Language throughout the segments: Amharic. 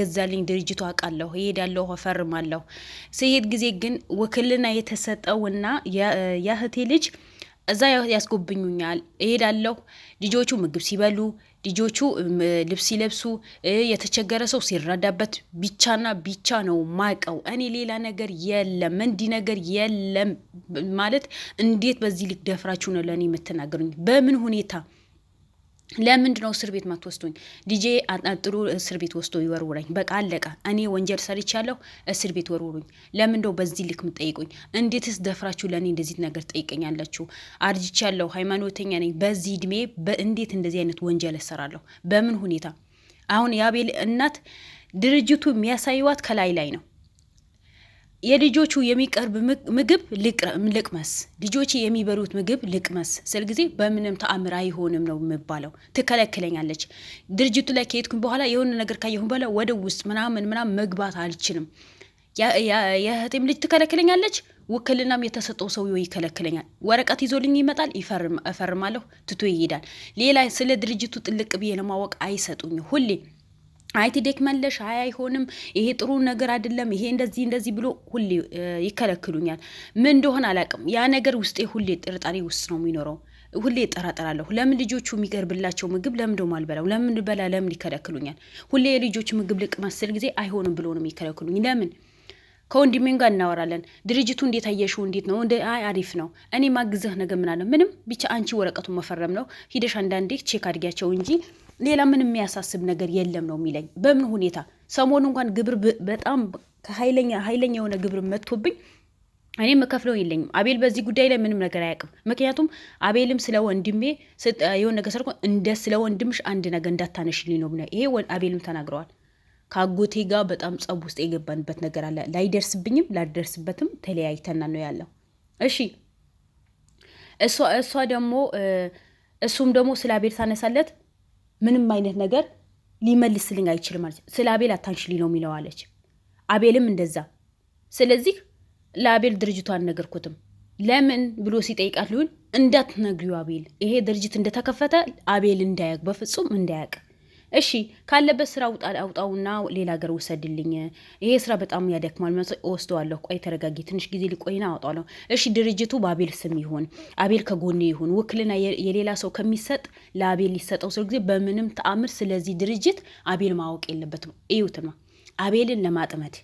ገዛልኝ ድርጅቱ አውቃለሁ፣ እሄዳለሁ፣ እፈርማለሁ። ስሄድ ጊዜ ግን ውክልና የተሰጠውና የእህቴ ልጅ እዛ ያስጎብኙኛል። እሄዳለሁ። ልጆቹ ምግብ ሲበሉ፣ ልጆቹ ልብስ ሲለብሱ፣ የተቸገረ ሰው ሲረዳበት ብቻና ብቻ ነው ማቀው። እኔ ሌላ ነገር የለም፣ እንዲህ ነገር የለም ማለት። እንዴት በዚህ ልክ ደፍራችሁ ነው ለእኔ የምትናገሩኝ? በምን ሁኔታ ለምንድ ነው እስር ቤት ማትወስዱኝ? ዲጄ አጥሩ እስር ቤት ወስዶ ይወርውረኝ። በቃ አለቀ። እኔ ወንጀል ሰርቻለሁ፣ እስር ቤት ወርውሩኝ። ለምንደው በዚህ ልክ ምጠይቁኝ? እንዴትስ ደፍራችሁ ለእኔ እንደዚህ ነገር አርጅች አርጅቻለሁ፣ ሃይማኖተኛ ነኝ። በዚህ እድሜ እንዴት እንደዚህ አይነት ወንጀል እሰራለሁ? በምን ሁኔታ? አሁን የአቤል እናት ድርጅቱ የሚያሳይዋት ከላይ ላይ ነው የልጆቹ የሚቀርብ ምግብ ልቅመስ፣ ልጆች የሚበሉት ምግብ ልቅመስ ስል ጊዜ በምንም ተአምር አይሆንም ነው የምባለው። ትከለክለኛለች። ድርጅቱ ላይ ከሄድኩኝ በኋላ የሆነ ነገር ካየሁን በኋላ ወደ ውስጥ ምናምን ምናምን መግባት አልችልም። የእህቴም ልጅ ትከለክለኛለች። ውክልናም የተሰጠው ሰውዬው ይከለክለኛል። ወረቀት ይዞልኝ ይመጣል፣ እፈርማለሁ፣ ትቶ ይሄዳል። ሌላ ስለ ድርጅቱ ጥልቅ ብዬ ለማወቅ አይሰጡኝ ሁሌ አይ ትደክመለሽ፣ አይ አይሆንም፣ ይሄ ጥሩ ነገር አይደለም፣ ይሄ እንደዚህ እንደዚህ ብሎ ሁሌ ይከለክሉኛል። ምን እንደሆነ አላውቅም። ያ ነገር ውስጤ ሁሌ ጥርጣሬ ውስጥ ነው የሚኖረው። ሁሌ እጠራጠራለሁ። ለምን ልጆቹ የሚቀርብላቸው ምግብ ለምን ደሞ አልበላው? ለምን በላ ለምን ይከለክሉኛል? ሁሌ የልጆች ምግብ ልቅመስል ጊዜ አይሆንም ብሎ ነው የሚከለክሉኝ። ለምን ከወንድሜን ጋር እናወራለን። ድርጅቱ እንዴት አየሽው? እንዴት ነው? እንደ አይ አሪፍ ነው፣ እኔ ማግዝህ ነገር ምናለው። ምንም ብቻ አንቺ ወረቀቱ መፈረም ነው። ሂደሽ አንዳንዴ ቼክ አድጊያቸው እንጂ ሌላ ምንም የሚያሳስብ ነገር የለም ነው የሚለኝ። በምን ሁኔታ ሰሞኑ እንኳን ግብር በጣም ከኃይለኛ ኃይለኛ የሆነ ግብር መጥቶብኝ እኔ መከፍለው የለኝም። አቤል በዚህ ጉዳይ ላይ ምንም ነገር አያውቅም። ምክንያቱም አቤልም ስለ ወንድሜ የሆነ ነገር ሰርኮ እንደ ስለ ወንድምሽ አንድ ነገር እንዳታነሽልኝ ነው። ይሄ አቤልም ተናግረዋል። ከአጎቴ ጋር በጣም ጸብ ውስጥ የገባንበት ነገር አለ። ላይደርስብኝም ላደርስበትም ተለያይተና ነው ያለው። እሺ እሷ እሷ ደግሞ እሱም ደግሞ ስለ አቤል ታነሳለት ምንም አይነት ነገር ሊመልስልኝ አይችልም ማለት ነው። ስለ አቤል አታንሽልኝ ነው የሚለው አለች። አቤልም እንደዛ። ስለዚህ ለአቤል ድርጅቱ አልነገርኩትም ለምን ብሎ ሲጠይቃት ሊሆን እንዳትነግሪው አቤል ይሄ ድርጅት እንደተከፈተ አቤል እንዳያውቅ በፍጹም እንዳያውቅ እሺ ካለበት ስራ አውጣውና ሌላ ሀገር ውሰድልኝ፣ ይሄ ስራ በጣም ያደክማል፣ ወስደዋለሁ፣ ቆይ ተረጋጊ፣ ትንሽ ጊዜ ሊቆይና አውጣለሁ። እሺ ድርጅቱ በአቤል ስም ይሁን፣ አቤል ከጎኔ ይሁን። ውክልና የሌላ ሰው ከሚሰጥ ለአቤል ሊሰጠው ስለ ጊዜ በምንም ተአምር ስለዚህ ድርጅት አቤል ማወቅ የለበትም። እዩትማ አቤልን ለማጥመድ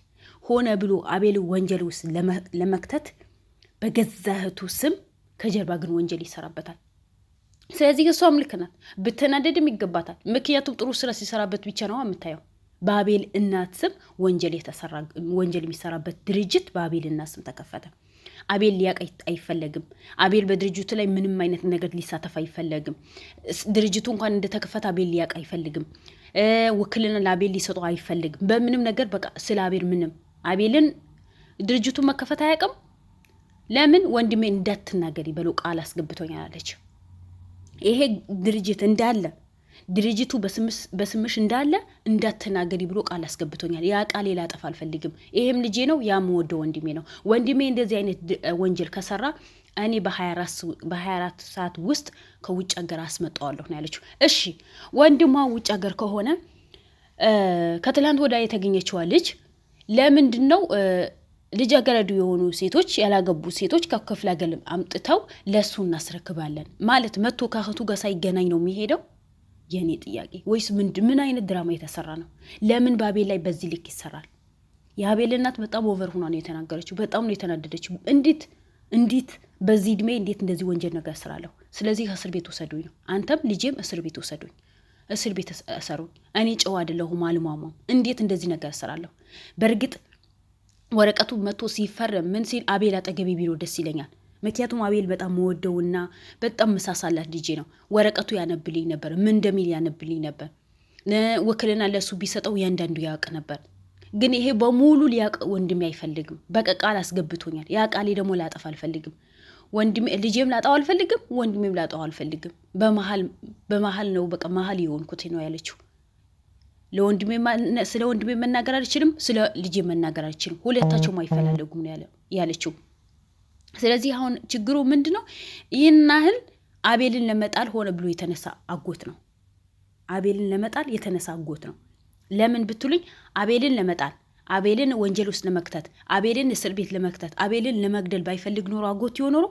ሆነ ብሎ አቤል ወንጀል ውስጥ ለመክተት በገዛ እህቱ ስም ከጀርባ ግን ወንጀል ይሰራበታል። ስለዚህ እሷም ልክ ናት፣ ብትናደድም ይገባታል። ምክንያቱም ጥሩ ስራ ሲሰራበት ብቻ ነው የምታየው። በአቤል እናት ስም ወንጀል የተሰራ ወንጀል የሚሰራበት ድርጅት በአቤል እናት ስም ተከፈተ። አቤል ሊያቀ አይፈለግም። አቤል በድርጅቱ ላይ ምንም አይነት ነገር ሊሳተፍ አይፈለግም። ድርጅቱ እንኳን እንደተከፈተ አቤል ሊያቀ አይፈልግም። ውክልና ለአቤል ሊሰጡ አይፈልግም። በምንም ነገር በቃ ስለ አቤል ምንም አቤልን ድርጅቱን መከፈት አያውቅም። ለምን ወንድሜ እንዳትናገሪ በለው ቃል አስገብቶኛል አለች። ይሄ ድርጅት እንዳለ ድርጅቱ በስምሽ እንዳለ እንዳትናገሪ ብሎ ቃል አስገብቶኛል። ያ ቃል ላጠፍ አልፈልግም። ይሄም ልጄ ነው፣ ያ የምወደው ወንድሜ ነው። ወንድሜ እንደዚህ አይነት ወንጀል ከሰራ እኔ በ24 ሰዓት ውስጥ ከውጭ ሀገር አስመጣዋለሁ ነው ያለችው። እሺ ወንድሟ ውጭ ሀገር ከሆነ ከትላንት ወዳ የተገኘችዋ ልጅ ለምንድን ነው ልጃገረዱ የሆኑ ሴቶች ያላገቡ ሴቶች ከክፍለ ሀገር አምጥተው ለእሱ እናስረክባለን ማለት መቶ ከእህቱ ጋር ሳይገናኝ ነው የሚሄደው? የእኔ ጥያቄ ወይስ ምን አይነት ድራማ የተሰራ ነው? ለምን በአቤል ላይ በዚህ ልክ ይሰራል? የአቤል እናት በጣም ኦቨር ሆኗ ነው የተናገረችው። በጣም ነው የተናደደችው። እንዴት እንዴት በዚህ እድሜ እንዴት እንደዚህ ወንጀል ነገር ስራለሁ? ስለዚህ እስር ቤት ውሰዱኝ ነው። አንተም ልጄም እስር ቤት ውሰዱኝ እስር ቤት እሰሩኝ። እኔ ጨዋ አይደለሁም አልሟሟም። እንዴት እንደዚህ ነገር ስራለሁ? በእርግጥ ወረቀቱ መጥቶ ሲፈረም ምን ሲል አቤል አጠገቤ ቢሮ ደስ ይለኛል። ምክንያቱም አቤል በጣም መወደውና በጣም መሳሳላት ልጄ ነው። ወረቀቱ ያነብልኝ ነበር፣ ምን እንደሚል ያነብልኝ ነበር። ውክልና ለሱ ቢሰጠው እያንዳንዱ ያውቅ ነበር። ግን ይሄ በሙሉ ሊያውቅ ወንድሜ አይፈልግም። በቃ ቃል አስገብቶኛል። ያ ቃሌ ደግሞ ላጠፍ አልፈልግም። ወንድሜ ልጄም ላጣው አልፈልግም፣ ወንድሜም ላጣው አልፈልግም። በመሀል ነው በቃ መሀል የሆንኩት ነው ያለችው ስለ ወንድሜ መናገር አልችልም፣ ስለ ልጄ መናገር አልችልም፣ ሁለታቸውም አይፈላለጉም ነው ያለችው። ስለዚህ አሁን ችግሩ ምንድን ነው? ይህን ያህል አቤልን ለመጣል ሆነ ብሎ የተነሳ አጎት ነው። አቤልን ለመጣል የተነሳ አጎት ነው። ለምን ብትሉኝ አቤልን ለመጣል አቤልን ወንጀል ውስጥ ለመክተት አቤልን እስር ቤት ለመክተት አቤልን ለመግደል ባይፈልግ ኖሮ አጎት የሆኖሮ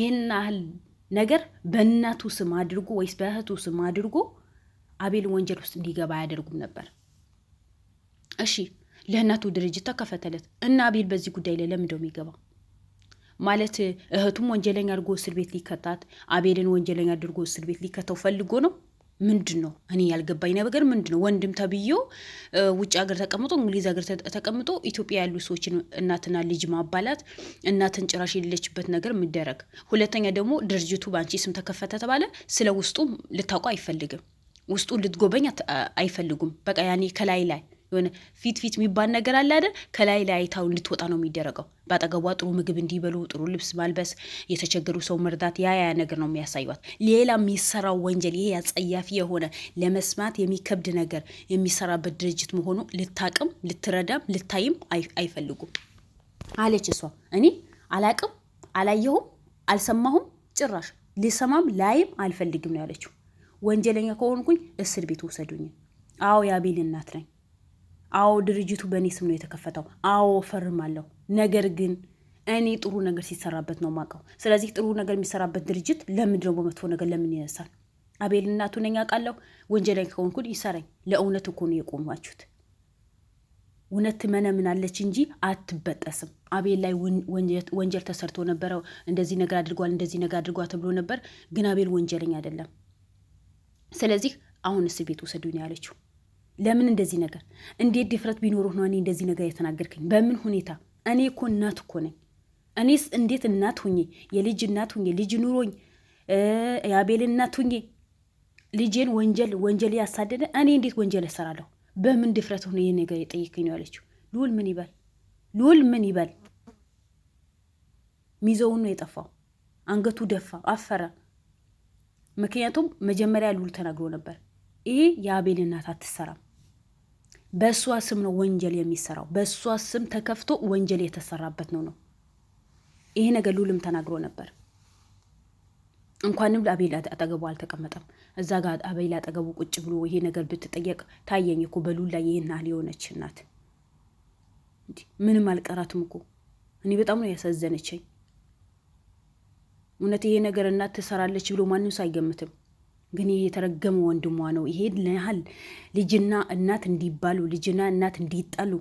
ይህን ያህል ነገር በእናቱ ስም አድርጎ ወይስ በእህቱ ስም አድርጎ አቤል ወንጀል ውስጥ እንዲገባ አያደርጉም ነበር። እሺ ለእናቱ ድርጅት ተከፈተለት እና አቤል በዚህ ጉዳይ ላይ ለምንደው የሚገባው? ማለት እህቱም ወንጀለኛ አድርጎ እስር ቤት ሊከታት አቤልን ወንጀለኛ አድርጎ እስር ቤት ሊከተው ፈልጎ ነው ምንድን ነው እኔ ያልገባኝ ነገር ምንድን ነው? ወንድም ተብዮ ውጭ ሀገር ተቀምጦ እንግሊዝ ሀገር ተቀምጦ ኢትዮጵያ ያሉ ሰዎችን እናትና ልጅ ማባላት፣ እናትን ጭራሽ የሌለችበት ነገር የሚደረግ ሁለተኛ ደግሞ ድርጅቱ በአንቺ ስም ተከፈተ ተባለ። ስለ ውስጡ ልታውቀው አይፈልግም። ውስጡን ልትጎበኝ አይፈልጉም። በቃ ያኔ ከላይ ላይ የሆነ ፊት ፊት የሚባል ነገር አለ አይደል? ከላይ ላይ አይታው እንድትወጣ ነው የሚደረገው። በአጠገቧ ጥሩ ምግብ እንዲበሉ፣ ጥሩ ልብስ ማልበስ፣ የተቸገሩ ሰው መርዳት፣ ያ ያ ነገር ነው የሚያሳዩት። ሌላ የሚሰራው ወንጀል ይሄ አጸያፊ የሆነ ለመስማት የሚከብድ ነገር የሚሰራበት ድርጅት መሆኑ ልታቅም፣ ልትረዳም፣ ልታይም አይፈልጉም አለች እሷ። እኔ አላቅም፣ አላየሁም፣ አልሰማሁም ጭራሽ ልሰማም ላይም አልፈልግም ነው ያለችው። ወንጀለኛ ከሆንኩኝ እስር ቤት ውሰዱኝ። አዎ የአቤል እናት ነኝ። አዎ ድርጅቱ በእኔ ስም ነው የተከፈተው። አዎ ፈርማለሁ። ነገር ግን እኔ ጥሩ ነገር ሲሰራበት ነው ማውቀው። ስለዚህ ጥሩ ነገር የሚሰራበት ድርጅት ለምንድን ነው በመጥፎ ነገር ለምን ይነሳል? አቤል እናቱ ነኝ አውቃለሁ። ወንጀለኛ ከሆንኩኝ ይሰራኝ። ለእውነት እኮ ነው የቆማችሁት። እውነት ትመነምናለች እንጂ አትበጠስም። አቤል ላይ ወንጀል ተሰርቶ ነበረ። እንደዚህ ነገር አድርጓል፣ እንደዚህ ነገር አድርጓል ተብሎ ነበር። ግን አቤል ወንጀለኛ አይደለም። ስለዚህ አሁን እስር ቤት ውሰዱኝ ያለችው ለምን? እንደዚህ ነገር እንዴት ድፍረት ቢኖርህ ነው እኔ እንደዚህ ነገር የተናገርከኝ? በምን ሁኔታ? እኔ እኮ እናት እኮ ነኝ። እኔስ እንዴት እናት ሁኜ የልጅ እናት ሁኜ ልጅ ኑሮኝ የአቤል እናት ሁኜ ልጄን ወንጀል ወንጀል ያሳደደ እኔ እንዴት ወንጀል እሰራለሁ? በምን ድፍረት ሆነ ይህ ነገር የጠየቀኝ ነው ያለችው። ልዑል ምን ይበል? ልዑል ምን ይበል? ሚዘውን ነው የጠፋው። አንገቱ ደፋ፣ አፈረ። ምክንያቱም መጀመሪያ ልዑል ተናግሮ ነበር፣ ይሄ የአቤል እናት አትሰራም፣ በእሷ ስም ነው ወንጀል የሚሰራው፣ በእሷ ስም ተከፍቶ ወንጀል የተሰራበት ነው ነው ይሄ ነገር ልዑልም ተናግሮ ነበር። እንኳንም አቤል አጠገቡ አልተቀመጠም። እዛ ጋር አቤል አጠገቡ ቁጭ ብሎ ይሄ ነገር ብትጠየቅ ታየኝ እኮ በልዑል ላይ ይህን ያህል የሆነች እናት ምንም አልቀራትም እኮ እኔ በጣም ነው ያሳዘነችኝ። እውነት ይሄ ነገር እናት ትሰራለች ብሎ ማንም ሳይገምትም ግን ይሄ የተረገመ ወንድሟ ነው። ይሄ ያህል ልጅና እናት እንዲባሉ ልጅና እናት እንዲጣሉ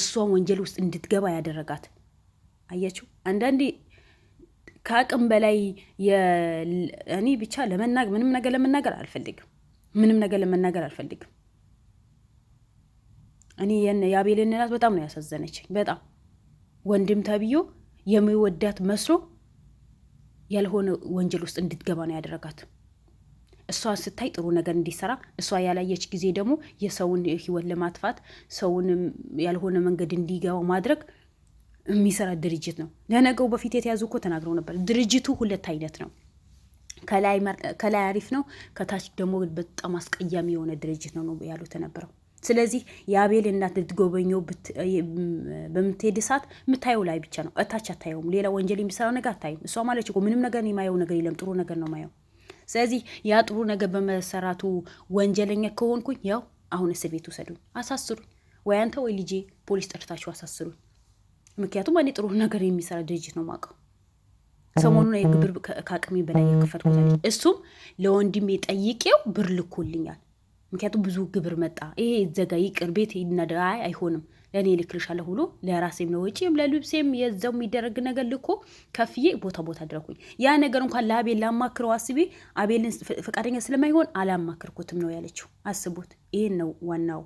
እሷን ወንጀል ውስጥ እንድትገባ ያደረጋት አያችሁ። አንዳንዴ ከአቅም በላይ እኔ ብቻ ለመናገር ምንም ነገር ለመናገር አልፈልግም። ምንም ነገር ለመናገር አልፈልግም። እኔ የአቤልን እናት በጣም ነው ያሳዘነችኝ። በጣም ወንድም ተብዮ የሚወዳት መስሎ ያልሆነ ወንጀል ውስጥ እንድትገባ ነው ያደረጋት። እሷ ስታይ ጥሩ ነገር እንዲሰራ እሷ ያላየች ጊዜ ደግሞ የሰውን ህይወት ለማጥፋት ሰውን ያልሆነ መንገድ እንዲገባ ማድረግ የሚሰራ ድርጅት ነው። ለነገው በፊት የተያዙ እኮ ተናግረው ነበር። ድርጅቱ ሁለት አይነት ነው። ከላይ አሪፍ ነው፣ ከታች ደግሞ በጣም አስቀያሚ የሆነ ድርጅት ነው ነው ያሉት ነበረው። ስለዚህ የአቤል እናት ልትጎበኘው በምትሄድ ሰዓት የምታየው ላይ ብቻ ነው፣ እታች አታየውም። ሌላ ወንጀል የሚሰራው ነገር አታይም። እሷ ማለች እኮ ምንም ነገር የማየው ነገር የለም፣ ጥሩ ነገር ነው ማየው። ስለዚህ ያ ጥሩ ነገር በመሰራቱ ወንጀለኛ ከሆንኩኝ ያው አሁን እስር ቤት ውሰዱኝ፣ አሳስሩኝ። ወይ አንተ ወይ ልጄ ፖሊስ ጠርታችሁ አሳስሩኝ። ምክንያቱም እኔ ጥሩ ነገር የሚሰራ ድርጅት ነው የማውቀው። ሰሞኑን የግብር ከአቅሜ በላይ የከፈትኩት እሱም ለወንድሜ ጠይቄው ብር ልኮልኛል። ምክንያቱም ብዙ ግብር መጣ። ይሄ ዘጋ ይቅር ቤት ይናደ አይሆንም ለእኔ ልክልሻለሁ ብሎ ለራሴም ለወጪም ለልብሴም የዛው የሚደረግ ነገር ልኮ ከፍዬ ቦታ ቦታ አድረኩኝ። ያ ነገር እንኳን ለአቤል ላማክረው አስቤ አቤልን ፈቃደኛ ስለማይሆን አላማክርኩትም ነው ያለችው። አስቡት። ይህን ነው ዋናው